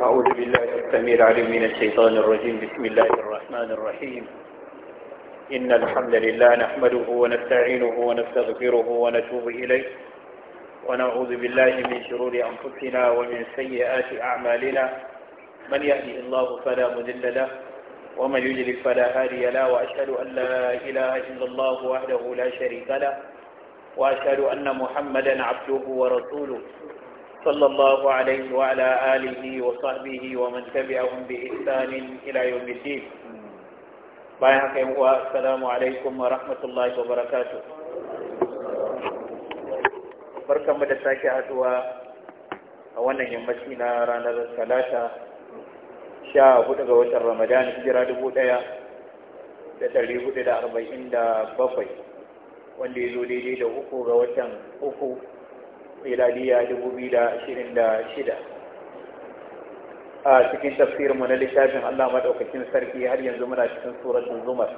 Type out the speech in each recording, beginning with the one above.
أعوذ بالله السميع العليم من الشيطان الرجيم بسم الله الرحمن الرحيم إن الحمد لله نحمده ونستعينه ونستغفره ونتوب إليه ونعوذ بالله من شرور أنفسنا ومن سيئات أعمالنا من يهدي الله فلا مذل له ومن يضلل فلا هادي له وأشهد أن لا إله إلا الله وحده لا شريك له وأشهد أن محمدا عبده ورسوله صلى الله عليه وعلى آله وصحبه ومن تبعهم بإحسان إلى يوم الدين بايحك السلام عليكم ورحمة الله وبركاته barkan mu da sake haduwa a wannan yammaci na ranar talata sha hudu ga watan ramadan hijira dubu daya da dari hudu da arba'in da bakwai wanda ya zo daidai da uku ga watan uku miladiya shida. a cikin tafsirinmu na littafin Allah maɗaukakin sarki har yanzu muna cikin suratun zumar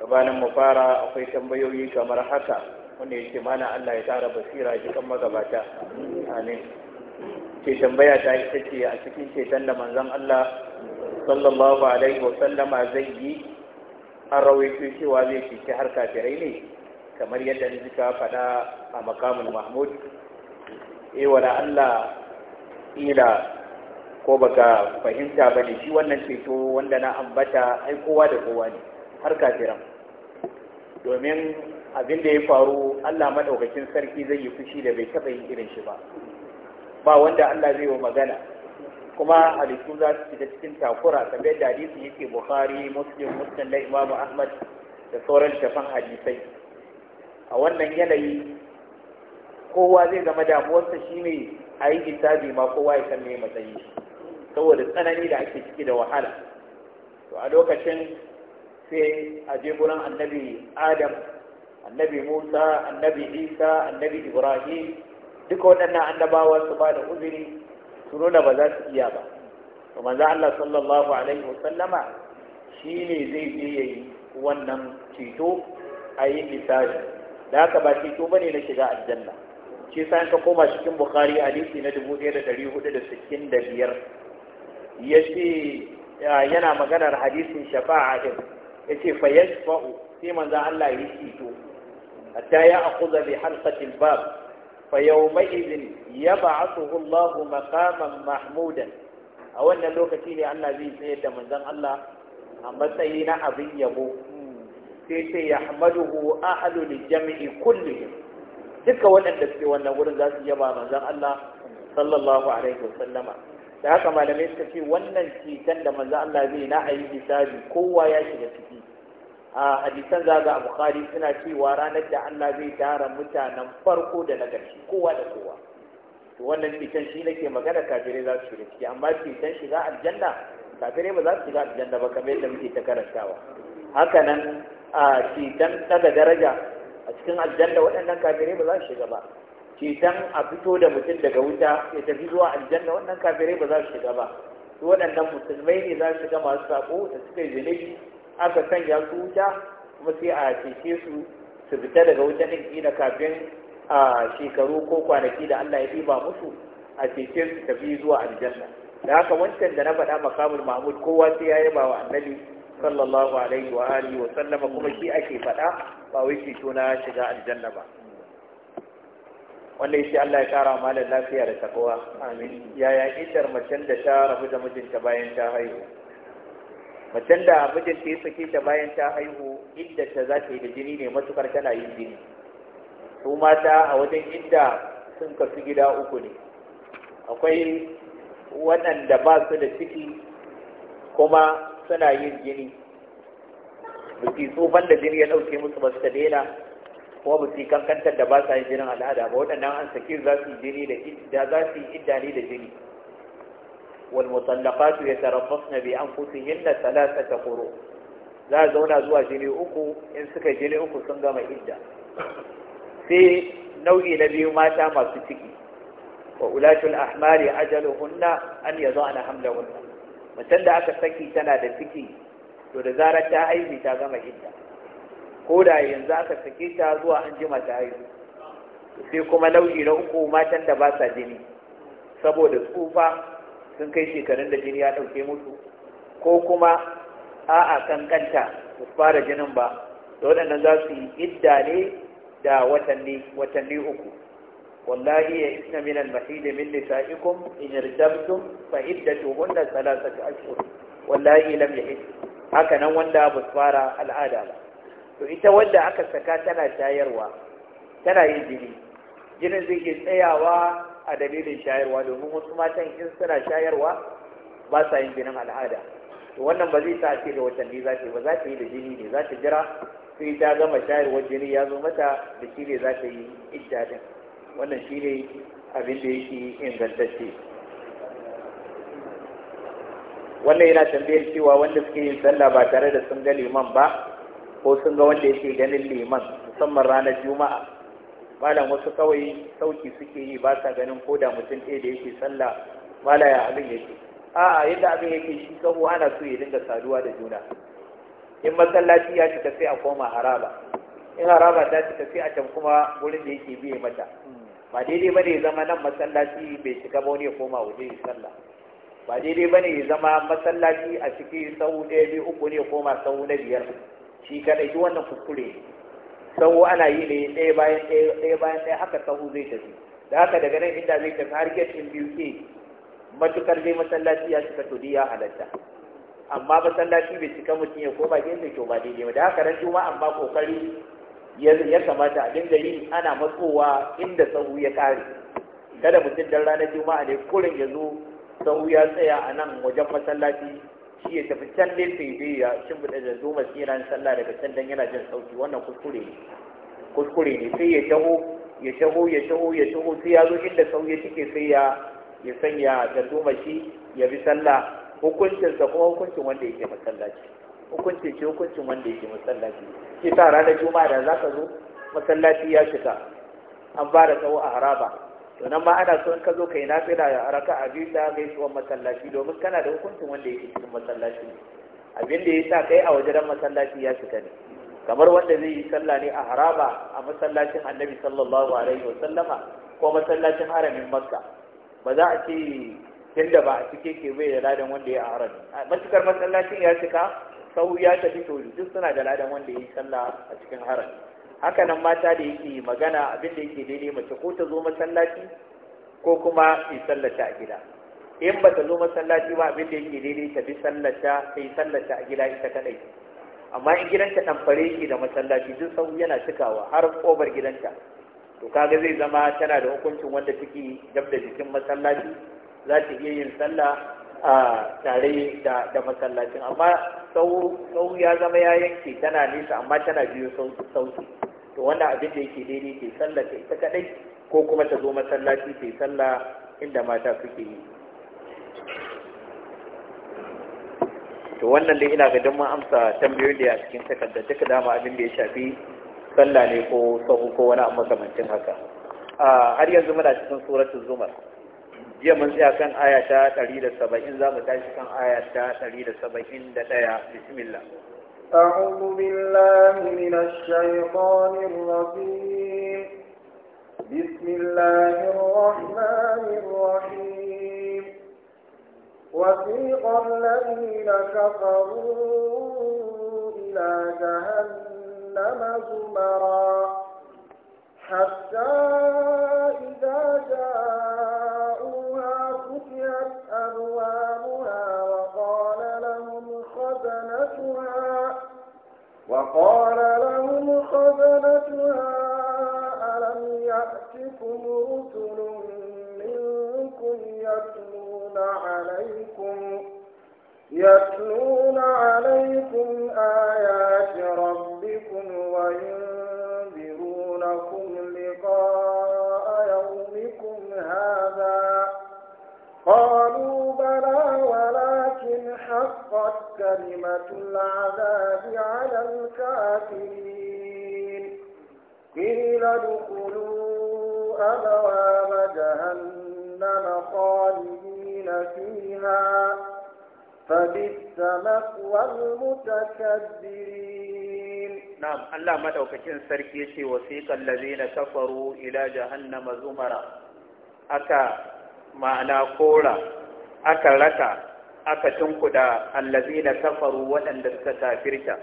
gabanin mu fara akwai tambayoyi kamar haka wanda yake mana Allah ya tara basira cikin magabata amin ke tambaya ta ita ce a cikin ceton da manzon Allah sallallahu alaihi wa sallama zai yi an rawaito cewa zai cece har kafirai ne kamar yadda ni ka faɗa a makamin mahmud E wala Allah ila ko baka fahimta ba ne shi wannan ceto wanda na ambata ai kowa da kowa ne har kafiran domin abin da ya faru Allah maɗaukacin sarki zai yi fushi da bai taɓa yin irin shi ba ba wanda Allah zai yi magana kuma halittu za su shiga cikin takura kamar yadda hadisi yake Bukhari Muslim Muslim da imamu Ahmad da sauran tafan hadisai a wannan yanayi kowa zai zama damuwarsa shi ne a yi hisabi ma kowa ya san me matsayi saboda tsanani da ake ciki da wahala to a lokacin sai a je gurin annabi adam annabi musa annabi isa annabi ibrahim duka waɗannan annabawa su ba da uzuri su nuna ba za su iya ba to manzo Allah sallallahu alaihi wasallama shine zai je yayi wannan ceto a yi misali da haka ba shi to bane na shiga aljanna shi sa ka koma cikin bukhari hadisi na 1465 yace yana maganar hadisin shafa'a din yace fa yashfa'u sai manzo Allah ya yi to hatta ya akhudha bi halqati al-bab fa yawma yab'athuhu Allahu maqaman mahmudan a wannan lokaci ne Allah zai tsaye da manzon Allah a matsayi na abin yabo sai ce ya hamaduhu ahalul jami'i kullihim duka waɗanda suke wannan wurin za su yaba manzon Allah sallallahu alaihi wasallama da haka malamai suka ce wannan cikin da manzon Allah zai na ayi hisabi kowa ya shiga ciki a hadisan za a bukhari suna cewa ranar da Allah zai tara mutanen farko da na ƙarshe kowa da kowa to wannan cikin shi nake magana kafirai za su shiga ciki amma cikin shiga aljanna kafirai ba za su shiga aljanna ba kamar yadda muke ta karantawa haka nan a cikin daga daraja a cikin aljanna waɗannan kafirai ba za su shiga ba citan a fito da mutum daga wuta ya tafi zuwa aljanna waɗannan kafirai ba za su shiga ba su waɗannan musulmai ne za su shiga masu sako da suka yi zunubi aka sanya su wuta kuma sai a cece su su fita daga wuta ɗin ina kafin a shekaru ko kwanaki da Allah ya ɗiba musu a cece su tafi zuwa aljanna da haka wancan da na faɗa makamul mahmud kowa sai ya yaba wa annabi sallallahu alaihi wa alihi wa sallama kuma shi ake faɗa ba wai shi na shiga aljanna ba wannan shi Allah ya kara malam lafiya da takowa amin yaya idar macen da ta rabu da mijinta bayan ta haihu macen da mijinta ya saki ta bayan ta haihu idda ta za ta yi da jini ne matukar tana yin jini su mata a wajen idda sun kasu gida uku ne akwai waɗanda ba su da ciki kuma suna yin jini ba su da jini ya ɗauke musu ba su ta daina kuma ba su kankantar da ba sa yin jinin al'ada ba waɗannan an sakin yi da za su yi idda ne da jini wal mutallaqatu yatarabbasna bi anfusihinna thalathata quru za a zauna zuwa jini uku in suka jini uku sun gama idda sai nau'i na biyu mata masu ciki wa ulatul ahmari ajaluhunna an yadhana hamlahunna mutum da aka saki tana da ciki to da zarar ta haihu ta gama idda ko da yanzu aka saki ta zuwa an jima ta haihu sai kuma nau'i na uku matan da ba sa jini saboda tsufa sun kai shekarun da jini ya ɗauke musu ko kuma a'a kankanta ba fara jinin ba da waɗannan za su yi idda ne da watanni watanni uku wallahi inna min al-mahid min nisaikum in irtabtum fa iddatuhunna thalathatu ashhur wallahi lam yahid haka nan wanda ba fara al'ada ba to ita wanda aka saka tana shayarwa tana yin jini jinin zai iya tsayawa a dalilin shayarwa domin wasu matan in suna shayarwa ba sa yin jinin al'ada to wannan ba zai sa ce da watanni za ta yi ba za ta yi da jini ne za ta jira sai ta gama shayarwar jini ya zo mata da shi ne za ta yi wannan shi ne abin da yake ingantacce wannan yana tambayar cewa wanda suke yin sallah ba tare da sun ga liman ba ko sun ga wanda yake ganin liman musamman ranar juma'a malam wasu kawai sauki suke yi ba sa ganin ko da mutum ɗaya da yake sallah mala ya abin yake a'a yadda abin yake shi sabo ana so ya dinga saduwa da juna in masallaci ya cika sai a koma haraba in haraba ta cika sai a can kuma wurin da yake biye mata ba daidai ne ya zama nan masallaci bai shiga ba wani ya koma waje ya sallah ba daidai ne ya zama masallaci a ciki sau ɗaya biyu uku ne ya koma sau na biyar shi kaɗai shi wannan kuskure sau ana yi ne ɗaya bayan ɗaya ɗaya bayan ɗaya haka sau zai tafi da haka daga nan inda zai tafi har gate in biyu ke matukar dai masallaci ya shiga to ya halatta amma masallaci bai cika mutum ya koma gefe to ba daidai ba da haka ran juma'a amma kokari ya kamata a dinga yi ana matsowa inda sahu ya kare kada mutum dan ranar juma'a ne kurin ya zo sahu ya tsaya a nan wajen masallaci shi ya tafi can lefe bai ya shimfiɗa da zo masiran sallah daga can dan yana jin sauki wannan kuskure ne kuskure ne sai ya taho ya taho ya taho ya taho sai ya zo inda sahu ya cike sai ya ya sanya da zo shi ya bi sallah hukuncinsa kuma hukuncin wanda yake masallaci hukunci ce hukuncin wanda yake masallaci shi ta ranar juma'a da zaka zo masallaci ya shiga an da tsawo a haraba to nan ma ana son ka zo kai nafila ya raka a biyu da gaisuwar masallaci domin kana da hukuncin wanda yake cikin masallaci abin da ya sa kai a wajen masallaci ya shiga ne kamar wanda zai yi sallah ne a haraba a masallacin annabi sallallahu alaihi wasallama ko masallacin haramin makka ba za a ce tunda ba a cike ke bai da ladan wanda ya harami matukar masallacin ya cika sau ya tafi to duk suna da ladan wanda ya yi sallah a cikin haram haka nan mata da yake magana abin da yake daidai mace ko ta zo masallaci ko kuma yi sallata a gida in ba ta zo masallaci ba abin da yake daidai ta bi sallata ta yi sallata a gida ita kadai amma in gidanta dan fare yake da masallaci duk sau yana cikawa har kobar gidanta to kaga zai zama tana da hukuncin wanda take dab da jikin masallaci za ta iya yin sallah a tare da masallacin amma sau ya zama ya yanke tana nisa amma tana biyo sauki to wanda abin da yake daidai ke sallah ta ita kadai ko kuma ta zo masallaci ke sallah inda mata suke yi to wannan dai ina ga don mun amsa tambayoyin da ya cikin takarda duka dama abin da ya shafi sallah ne ko sahu ko wani makamancin haka ah, har yanzu muna cikin suratul zumar jiya mun tsaya kan aya ta 170 za mu tashi kan aya ta 171 bismillah أعوذ بالله من الشيطان الرجيم بسم الله الرحمن الرحيم وثيق الذين كفروا إلى جهنم زمرا حتى إذا جاءوا وقال لهم خزنتها ألم يأتكم رسل منكم يتلون عليكم يتلون عليكم آيات ربكم وينذرونكم لقاء يومكم هذا قالوا حقت كلمة العذاب على الكافرين قيل ادخلوا أبواب جهنم خالدين فيها فبئس مثوى المتكبرين نعم الله ما دوكتين سركيشي وسيق الذين كفروا إلى جهنم زمرا أكا معنى قولا أكا لك aka tunkuda na kafaru waɗanda suka tafirta.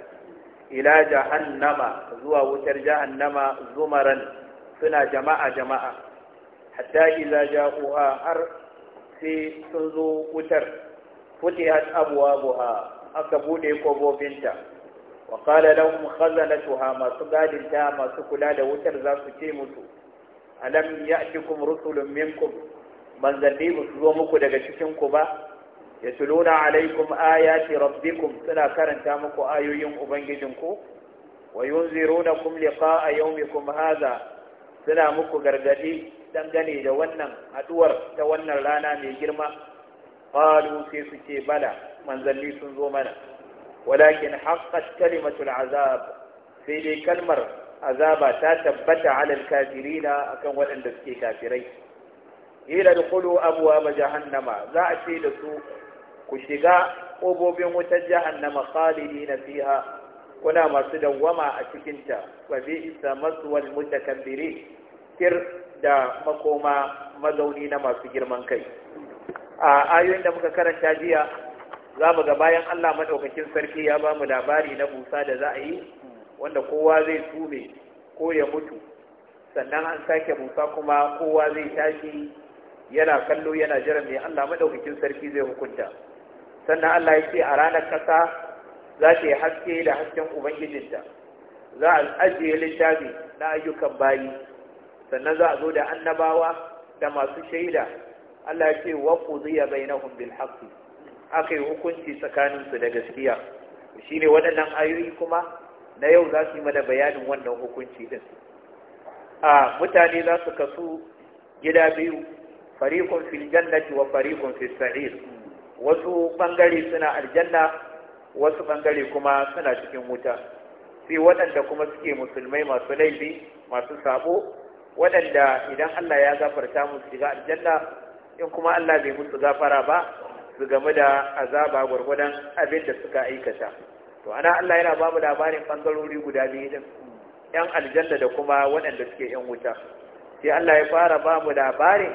ila jahannama zuwa wutar jahannama zumaran suna jama'a jama'a hatta idza ja'uha har sai sun zo wutar futihat abwabuha aka bude kobobinta wa mu lahum khazanatuha masu gadinta masu kula da wutar za su ce musu alam ya'tikum rusulun minkum manzanni ba su zo muku daga cikin ku ba yasluna alaikum ayati rabbikum suna karanta muku ayoyin ubangijinku wa yunzirunakum liqa'a yawmikum hadha suna muku gargadi dangane da wannan haduwar ta wannan rana mai girma qalu sai su ce bala manzanni sun zo mana walakin haqqat kalimatul azab sai dai kalmar azaba ta tabbata alal kafirina akan waɗanda suke kafirai ila dkhulu abwaab jahannama za a ce da su ku shiga ƙobobin wutar jahannama khalidina fiha kuna masu dawwama a cikinta wa masu wal mutakabbiri kir da makoma mazauni na masu girman kai a ayoyin da muka karanta jiya za mu ga bayan Allah madaukakin sarki ya ba mu labari na busa da za a yi wanda kowa zai tume ko ya mutu sannan an sake busa kuma kowa zai tashi yana kallo yana jiran mai Allah madaukakin sarki zai hukunta sannan Allah ya ce a ranar ƙasa za ta yi haske da hasken ubangijinta za a ajiye littafi na ayyukan bayi sannan za a zo da annabawa da masu shaida Allah ya ce wa na bainahum bil haqqi yi hukunci tsakaninsu da gaskiya Shi ne waɗannan ayoyi kuma na yau za su yi mana bayanin wannan hukunci ɗin a mutane za su kasu gida biyu fariqun fil jannati wa farikon fis wasu bangare suna aljanna wasu bangare kuma suna cikin wuta sai waɗanda kuma suke musulmai masu laifi masu sabo waɗanda idan Allah ya gafarta musu shiga aljanna in kuma Allah bai musu gafara ba su game da azaba gwargwadon abin da suka aikata to ana Allah yana ba mu labarin bangarori guda biyu din yan aljanna da kuma waɗanda suke yan wuta sai Allah ya fara ba mu labarin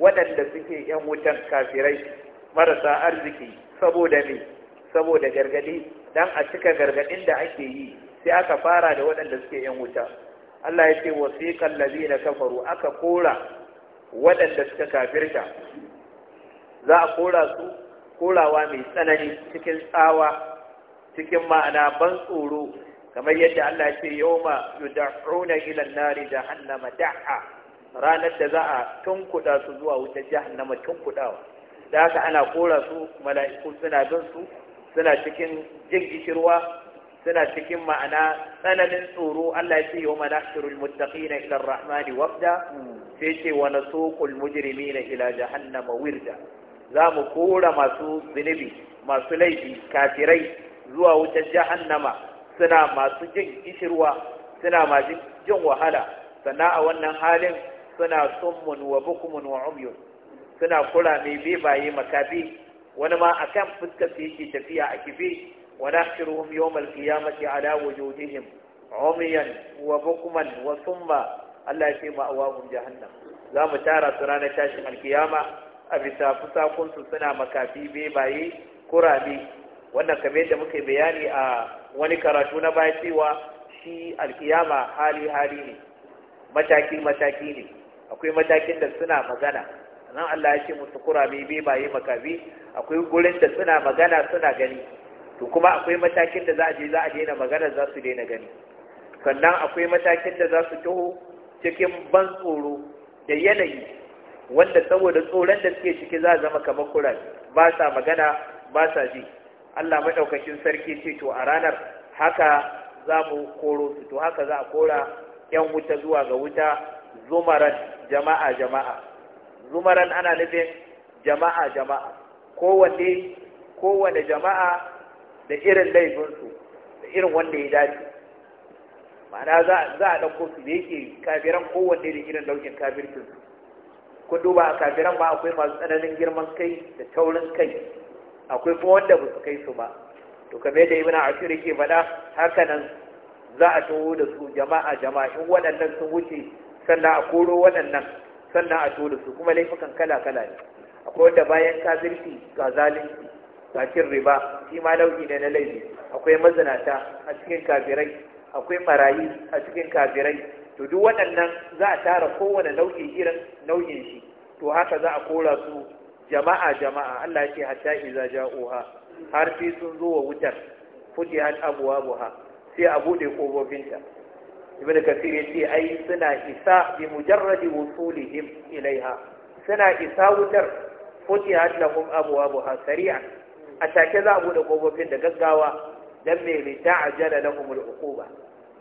waɗanda suke yan wutan kafirai marasa arziki saboda me saboda gargadi dan a cika gargadin da ake yi sai aka fara da waɗanda suke yan wuta Allah ya ce wasiqal ladina kafaru aka kora waɗanda suka kafirta za a kora su korawa mai tsanani cikin tsawa cikin ma'ana ban tsoro kamar yadda Allah ya ce yawma yud'una ila an-nari jahannama da'a ranar da za a tunkuɗa su zuwa wutar jahannama tunkuɗawa da haka ana kora su mala'iku suna bin su suna cikin jin gishirwa suna cikin ma'ana tsananin tsoro Allah ya ce wa mana shirul muttaqina ila rahmani wafda sai ce wa nasuqul mujrimina ila jahannama wirda za mu kora masu zunubi masu laifi kafirai zuwa wutar jahannama suna masu jin gishirwa suna masu jin wahala sannan a wannan halin suna summun wa bukumun wa umyun suna kurame bebaye makafi wani ma akan fuskar su yake tafiya a kife wa nahshuruhum yawmal qiyamati ala wujuhihim umiyan wa bukman wa summa Allah ya ce ma'awahum jahannam za mu tara su ranar tashin alkiyama a bisa fusakun su suna makafi bebaye kurame wannan kamar yadda muka bayani a wani karatu na baya cewa shi alkiyama hali hali ne mataki mataki ne akwai matakin da suna magana nan Allah ya ce musu kura mai bai baye makabi? akwai gurin da suna magana suna gani to kuma akwai matakin da za a je za a daina magana za su daina gani sannan akwai matakin da za su taho cikin ban tsoro da yanayi wanda saboda tsoron da suke ciki za a zama kamar kura ba sa magana ba sa ji Allah maɗaukacin sarki ce to a ranar haka za mu koro su to haka za a kora 'yan wuta zuwa ga wuta zumaran jama'a jama'a zumaran ana nufin jama'a jama'a kowanne kowane jama'a da irin laifinsu da irin wanda ya dace ma'ana za a ɗauko su da yake kafiran kowanne da irin daukin kafircin Kun duba a kafiran ba akwai masu tsananin girman kai da taurin kai akwai kuma wanda ba su kai su ba to kame da ibina a shiri ke faɗa haka nan za a tuwo da su jama'a jama'a in waɗannan sun wuce sannan a koro waɗannan sannan a tura su kuma laifukan kala-kala ne akwai wanda bayan ka zirfi ga zalunci ga cin riba shi ma nau'i ne na laifi akwai mazinata a cikin kafirai akwai marayi a cikin kafirai to duk waɗannan za a tara kowane nau'in irin nau'in shi to haka za a kora su jama'a jama'a Allah ce hatta iza ja'uha har sai sun zo wa wutar futihat abwabuha sai a bude kofofinta ibn ya yace ai suna isa bi mujarradi wusulihim ilaiha suna isa wutar hadlahum lahum abu sari'a a take za a bude kofofin da gaggawa dan me li ta'jala lahum al-uquba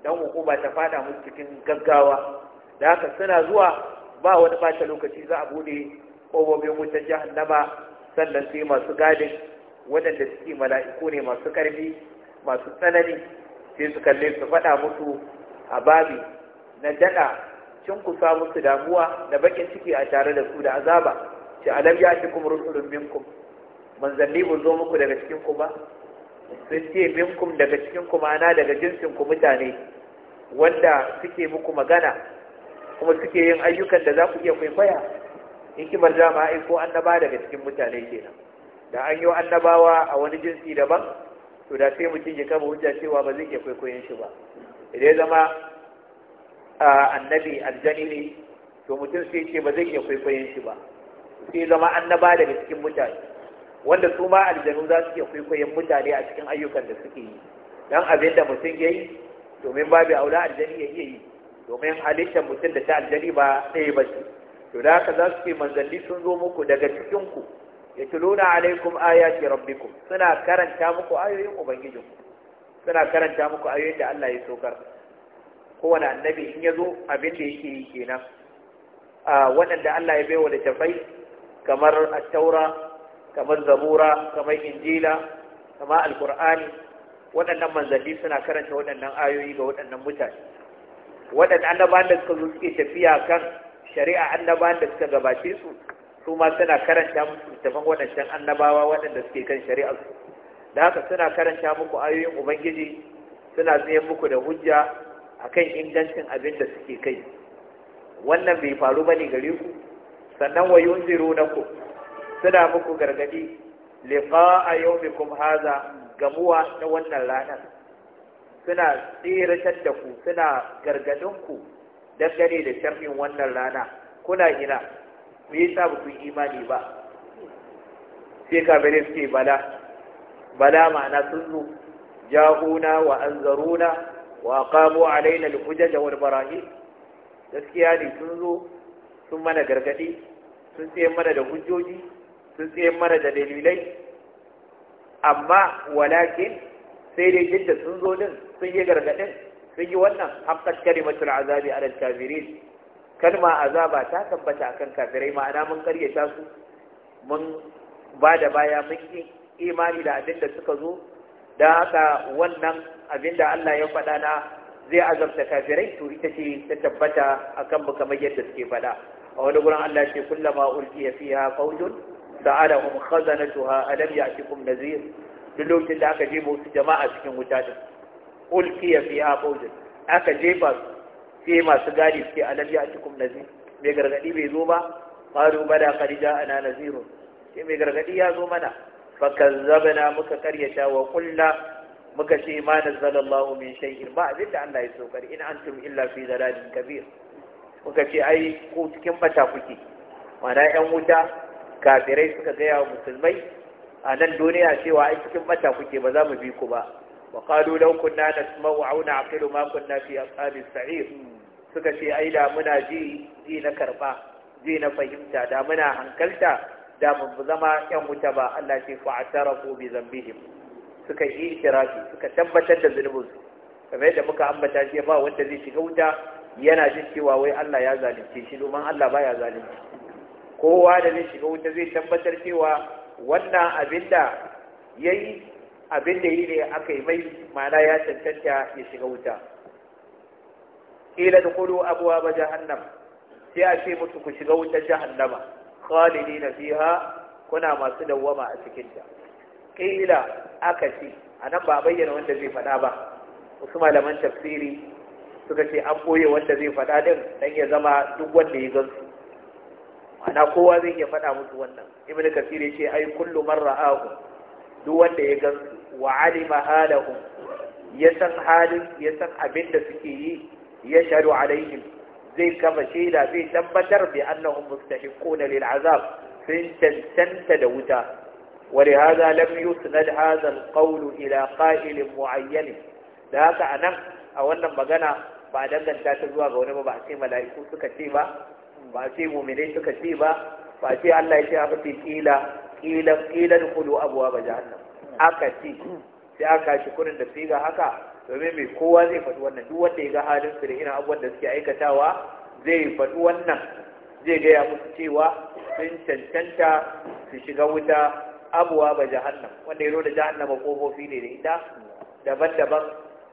dan uquba ta fada musu cikin gaggawa da haka suna zuwa ba wani bata lokaci za a bude kofofin wutar jahannama sannan sai masu gadin waɗanda suke mala'iku ne masu karfi masu tsanani sai su kalle su faɗa musu a babi na daɗa cinkusa musu damuwa da bakin ciki a tare da su da azaba ce alam ya ci kuma rusulun minkum manzanni ba zo muku daga cikin ku ba sun ce minkum daga cikin ku ma'ana daga jinsin ku mutane wanda suke muku magana kuma suke yin ayyukan da za ku iya kwaikwaya hikimar dama aiko annaba daga cikin mutane kenan da an yi annabawa a wani jinsi daban to da sai mutum ya kama hujja cewa ba zai iya kwaikwayon shi ba idan ya zama annabi aljani ne to mutum sai ce ba zai iya kwaikwayon shi ba sai zama annaba daga cikin mutane wanda su ma aljanu za su iya kwaikwayon mutane a cikin ayyukan da suke yi dan abin da mutum ya yi domin babu aula aljani ya iya yi domin halittar mutum da ta aljani ba ɗaya ba ce to da haka za su ce manzanni sun zo muku daga cikinku ya tuluna alaikum ayati rabbikum suna karanta muku ayoyin ubangijinku suna karanta muku ayoyin da Allah ya sokar kowane annabi in ya zo abin da yake yi kenan waɗanda Allah ya baiwa da tafai kamar attaura kamar zabura kamar injila kamar alkur'ani waɗannan manzanni suna karanta waɗannan ayoyi ga waɗannan mutane waɗanda annabawan da suka zo suke tafiya kan shari'a annabawan da suka gabace su su ma suna karanta musu tafan waɗancan annabawa waɗanda suke kan shari'ar su da haka suna karanta muku ayoyin ubangiji suna tsayen muku da hujja a kan ingancin abin da suke kai wannan bai faru ba ne gare ku sannan wa yunziru na ku suna muku gargadi mai kuma haza gamuwa na wannan ranar suna tsiratar da ku suna gargadin ku dangane da sharfin wannan rana kuna ina me yasa ba ku imani ba sai kamar suke bala bala ma'ana sun zo jahuna, wa anzaruna wa qamu alaina al-hujaj wal barahi gaskiya ne sun zo sun mana gargadi sun tsaye mana da hujjoji sun tsaye mana da dalilai amma walakin sai dai jidda sun zo din sun yi gargadin sun yi wannan haqqat kalimatul azabi ala al-kafirin kalma azaba ta tabbata akan kafirai ma'ana mun karyata su mun ba da baya mun imani da abin da suka zo da haka wannan abin da Allah ya faɗa na zai azabta kafirai to ita ce ta tabbata akan mu kamar yadda suke faɗa a wani gurin Allah ce kullama ulqiya fiha fawjun sa'alahum khazanatuha alam ya'tikum nazir duk lokacin da aka jefa wasu jama'a cikin wuta din ulqiya fiha fawjun aka jefa sai masu gadi suke alam ya'tikum nazir mai gargadi bai zo ba qalu bala qad ja'ana nazirun sai mai gargadi ya zo mana fakazzabna muka karyata wa kulla muka ce ma nazzalallahu min shay'in ba abin da Allah ya saukar in antum illa fi dalalin kabir muka ce ai ku cikin bata kuke mana yan wuta kafirai suka gaya wa musulmai a nan duniya cewa ai cikin bata kuke ba za mu bi ku ba wa qalu law kunna nasma'u aw na'qilu ma kunna fi sa'ir suka ce ai da muna ji na karba ji na fahimta da muna hankalta da mu zama yan wuta ba Allah ce fa atarafu bi zambihim suka yi itirafi suka tabbatar da zunubin su kamar yadda muka ambata shi ba wanda zai shiga wuta yana jin cewa wai Allah ya zalunce shi domin Allah baya zalunci kowa da zai shiga wuta zai tabbatar cewa wannan abin da yayi abin da yi ne aka yi mai ma'ana ya cancanta ya shiga wuta ila dukulu abuwa ba jahannam sai a ce musu ku shiga wutar jahannama khalidina fiha kuna masu dawwama a cikin ta qila aka ce anan ba bayyana wanda zai faɗa ba wasu malaman tafsiri suka ce an boye wanda zai faɗa din dan ya zama duk wanda ya gansu ana kowa zai iya faɗa musu wannan ibnu kasir ya ce ai kullu man ra'ahu duk wanda ya gansu wa alima halahum ya san halin ya san abin da suke yi ya sharu alaihim zai kama shaida zai tabbatar bi annahum mustahiquna lil azab sun cancanta da wuta ولهذا لم يسند هذا القول ila قائل معين da haka a nan a wannan magana ba a danganta ta zuwa ga wani ba ba a ce mala'iku suka ce ba ba a ce mumine suka ce ba ba a Allah ya ce aka fi kila kila kila dukulu abuwa ba jahannam aka ci, sai aka shi kurin da siga haka domin mai kowa zai faɗi wannan duk wanda ya ga halin su da irin abubuwan da suke aikatawa zai faɗi wannan zai gaya musu cewa sun cancanta su shiga wuta abuwa ba jahannam wanda ya da jahannama kofofi ne da ita daban-daban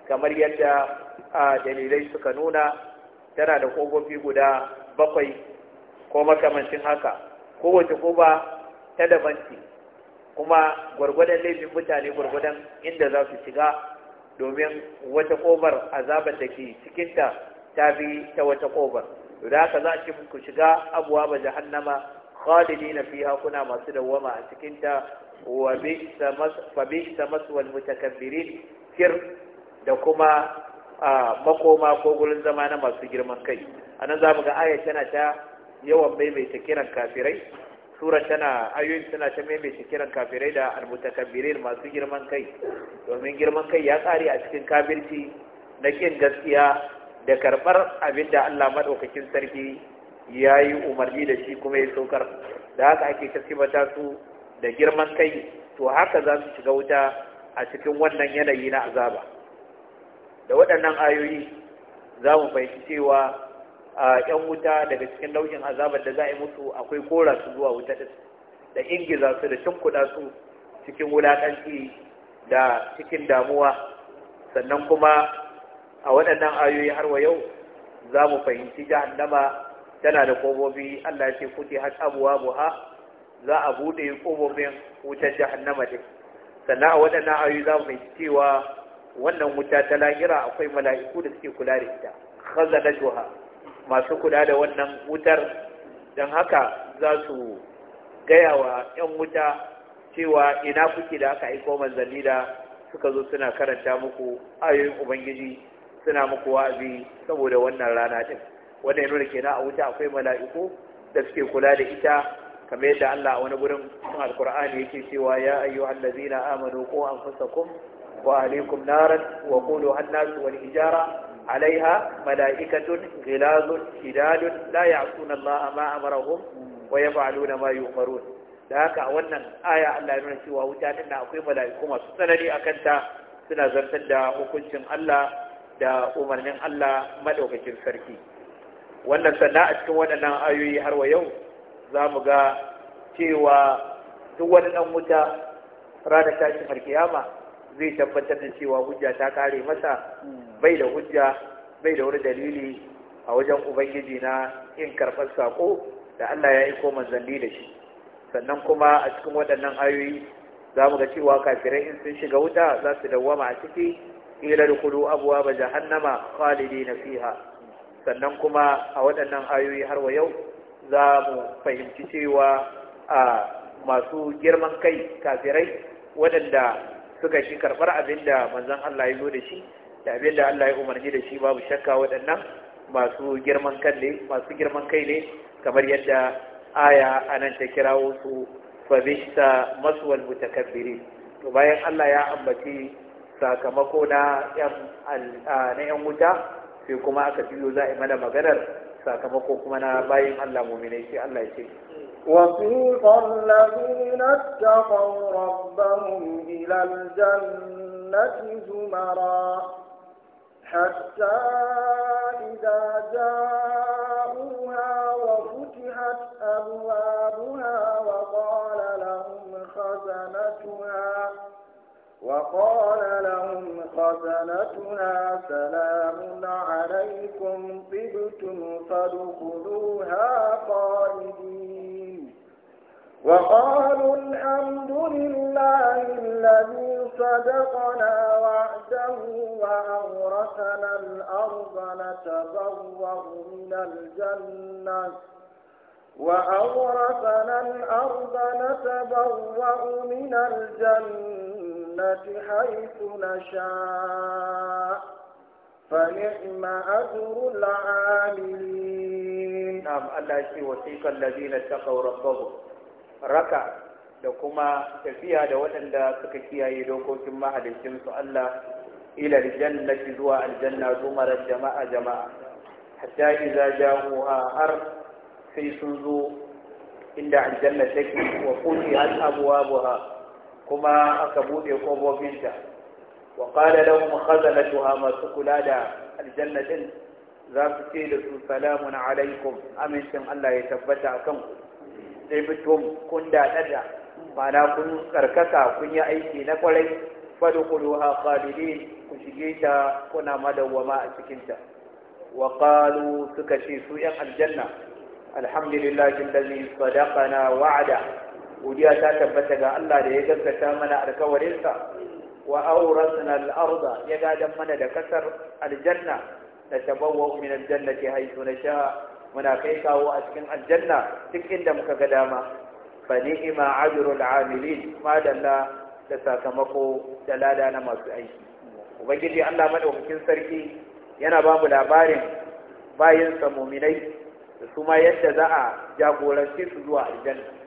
kamar yadda dalilai suka nuna tana da kofofi guda bakwai ko makamancin haka kowace koba ta daban ce kuma gwargwadon laifin mutane gwargwadon inda za su shiga domin wata ƙofar azabar da ke cikinta ta bi ta wata ƙofar da haka za a ce ku shiga abuwa ba jahannama khalidina fiha hakuna masu dawwama a cikinta wa bisa maswal mutakabbirin fir da kuma makoma ko gurin zama na masu girman kai nan za mu ga aya tana ta yawan maimaita kiran kafirai sura tana ayoyin tana ta mai mai kiran kafirai da almutakabirin masu girman kai domin girman kai ya tsare a cikin kabirci na kin gaskiya da karbar abin da Allah madaukakin sarki ya yi umarni da shi kuma ya saukar da haka ake kasibata su da girman kai to haka za su shiga wuta a cikin wannan yanayi na azaba da waɗannan ayoyi za mu fahimci cewa a yan wuta daga cikin nau'in azabar da za a yi mutu akwai kora su zuwa wuta da ingiza su da shimkuɗa su cikin wulaƙanci da cikin damuwa sannan kuma a waɗannan ayoyi har wa yau za mu fahimci jahannama tana da ƙobobi Allah ya ce kuti har abuwa buha za a buɗe ƙobobin wutar jahannama ɗin sannan a waɗannan ayoyi za mu fahimci cewa wannan wuta ta lahira akwai mala'iku da suke kula da ita khazanatuha masu kula da wannan wutar don haka za su gaya wa 'yan wuta cewa ina kuke da aka aiko manzanni da suka zo suna karanta muku ayoyin ubangiji suna muku wa'azi saboda wannan rana din wannan ke kenan a wuta akwai mala'iku da suke kula da ita kamar yadda Allah a wani gurin cikin alkur'ani yake cewa ya ayyuhal ladzina amanu qu anfusakum wa alaykum naran wa qulu an wal hijara alaiha mala'ikatun ghilazun shidadun la ya'suna Allah ma amarahum wa yaf'aluna ma da haka a wannan aya Allah ya nuna cewa wuta din na akwai mala'iku masu tsanani akan ta suna zartar da hukuncin Allah da umarnin Allah madaukakin sarki wannan sanna a cikin waɗannan ayoyi har wa yau za mu ga cewa duk wani ɗan wuta ranar tashin alkiyama zai tabbatar da cewa hujja ta kare masa bai da hujja bai da wani dalili a wajen ubangiji na yin karɓar sako da Allah ya iko manzanni da shi sannan kuma a cikin waɗannan ayoyi za mu ga cewa kafirai in sun shiga wuta za su dawwama a ciki ila kudu abuwa ba jahannama khalidina fiha sannan kuma a waɗannan ayoyi har wa yau za mu fahimci cewa a masu girman kai kafirai waɗanda suka shi karɓar abin da manzan Allah ya zo da shi da abin da Allah ya umarni da shi babu shakka waɗannan masu girman kai ne masu girman kai ne kamar yadda aya anan ta kirawo su fabista masu maswal mutakabbirin to bayan Allah ya ambaci sakamako na ‘yan wuta sai kuma aka fiyo za a yi mana maganar sakamako kuma na bayan Allah muminai sai Allah ya ce وسيق الذين اتقوا ربهم إلى الجنة زمرا حتى إذا جاءوها وفتحت أبوابها وقال لهم خزنتنا سلام عليكم طبتم فادخلوها خالدين وقالوا الحمد لله الذي صدقنا وعده وأورثنا الأرض نتبوأ من الجنة وأورثنا الأرض نتبوأ من الجنة الجنة حيث نشاء فنعم أجر العاملين نعم الله يشفي وسيق الذين اتقوا ربهم ركع da kuma tafiya da waɗanda suka kiyaye dokokin su Allah ila aljannati zuwa aljanna zumarar jama'a jama'a hatta idza ja'uha har sai sun zo inda aljanna take wa qutihat abwabuha kuma aka buɗe ƙofofinta wa ƙada da kuma khazana tuha masu kula da aljannatin za su ce da su salamun alaikum amincin Allah ya tabbata a kan sai mutum kun daɗaɗa mana kun karkata kun yi aiki na kwarai fadukuluha qalilin ku shige ta kuna madawwama a cikinta wa suka ce su yan aljanna alhamdulillahi allazi na wa'ada godiya ta tabbata ga Allah da ya gaskata mana alkawarinsa wa awrasna al-arda ya gadan mana da kasar aljanna da tabawwa min al-jannati haythu nasha muna kai kawo a cikin aljanna duk inda muka ga dama fa ni'ma ajrul amilin madalla da sakamako da lada na masu aiki ubangiji Allah madaukakin sarki yana ba mu labarin bayan muminai da su ma yadda za a jagoranci su zuwa aljanna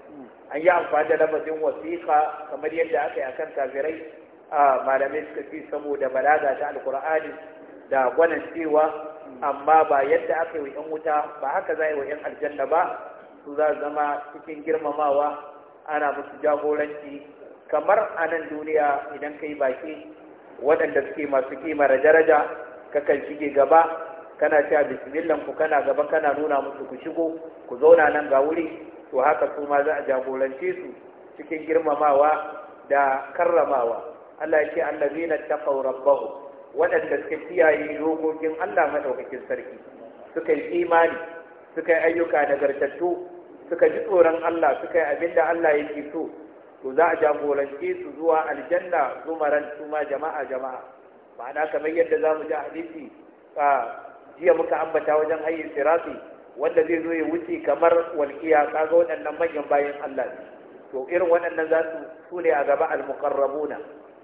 an yi amfani da lafazin wasiƙa kamar yadda aka yi a kan kafirai a malamai suka fi saboda balaga ta alkur'ani da gwanin cewa amma ba yadda aka yi wa 'yan wuta ba haka za a yi wa 'yan aljanna ba su za zama cikin girmamawa ana musu jagoranci kamar a nan duniya idan ka yi baki waɗanda suke masu kima da daraja kakan shige gaba kana cewa bismillah ku kana gaba kana nuna musu ku shigo ku zauna nan ga wuri to haka su ma za a jagorance su cikin girmamawa da karramawa Allah ya ce allazina taqaw rabbahu waɗanda suka kiyaye dokokin Allah madaukakin sarki suka yi imani suka yi ayyuka nagartattu suka ji tsoron Allah suka yi da Allah yake so to za a jagorance su zuwa aljanna zumaran su ma jama'a jama'a ma'ana kamar yadda za mu ji hadisi a jiya muka ambata wajen hayyin sirati wanda zai zo ya wuce kamar walƙiya kaga waɗannan manyan bayan Allah ne to irin waɗannan za su su ne a gaba al-muqarrabuna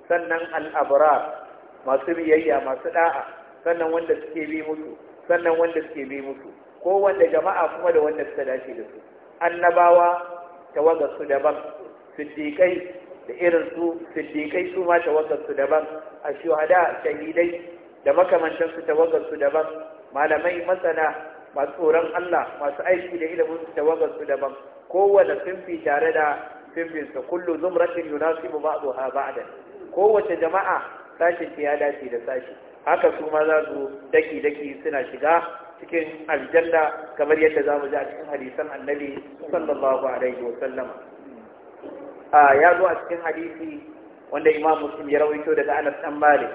sannan al-abrar masu biyayya masu da'a sannan wanda suke bi musu sannan wanda suke bi musu ko wanda jama'a kuma da wanda suka dace da su annabawa tawagar su daban siddiƙai da irin su siddiƙai su ma tawagar su daban a shuhada shahidai da makamantan su tawagar su daban malamai masana masu tsoron Allah masu aiki da ilimin su tawagar su daban kowane sinfi tare da sinfin su kullu zumratin yunasibu ba'daha ba'da kowace jama'a sashin ya dace da sashi haka su ma za su daki daki suna shiga cikin aljanna kamar yadda zamu ji a cikin hadisan annabi sallallahu alaihi wa sallama a ya zo a cikin hadisi wanda imam muslim ya rawaito daga anas dan malik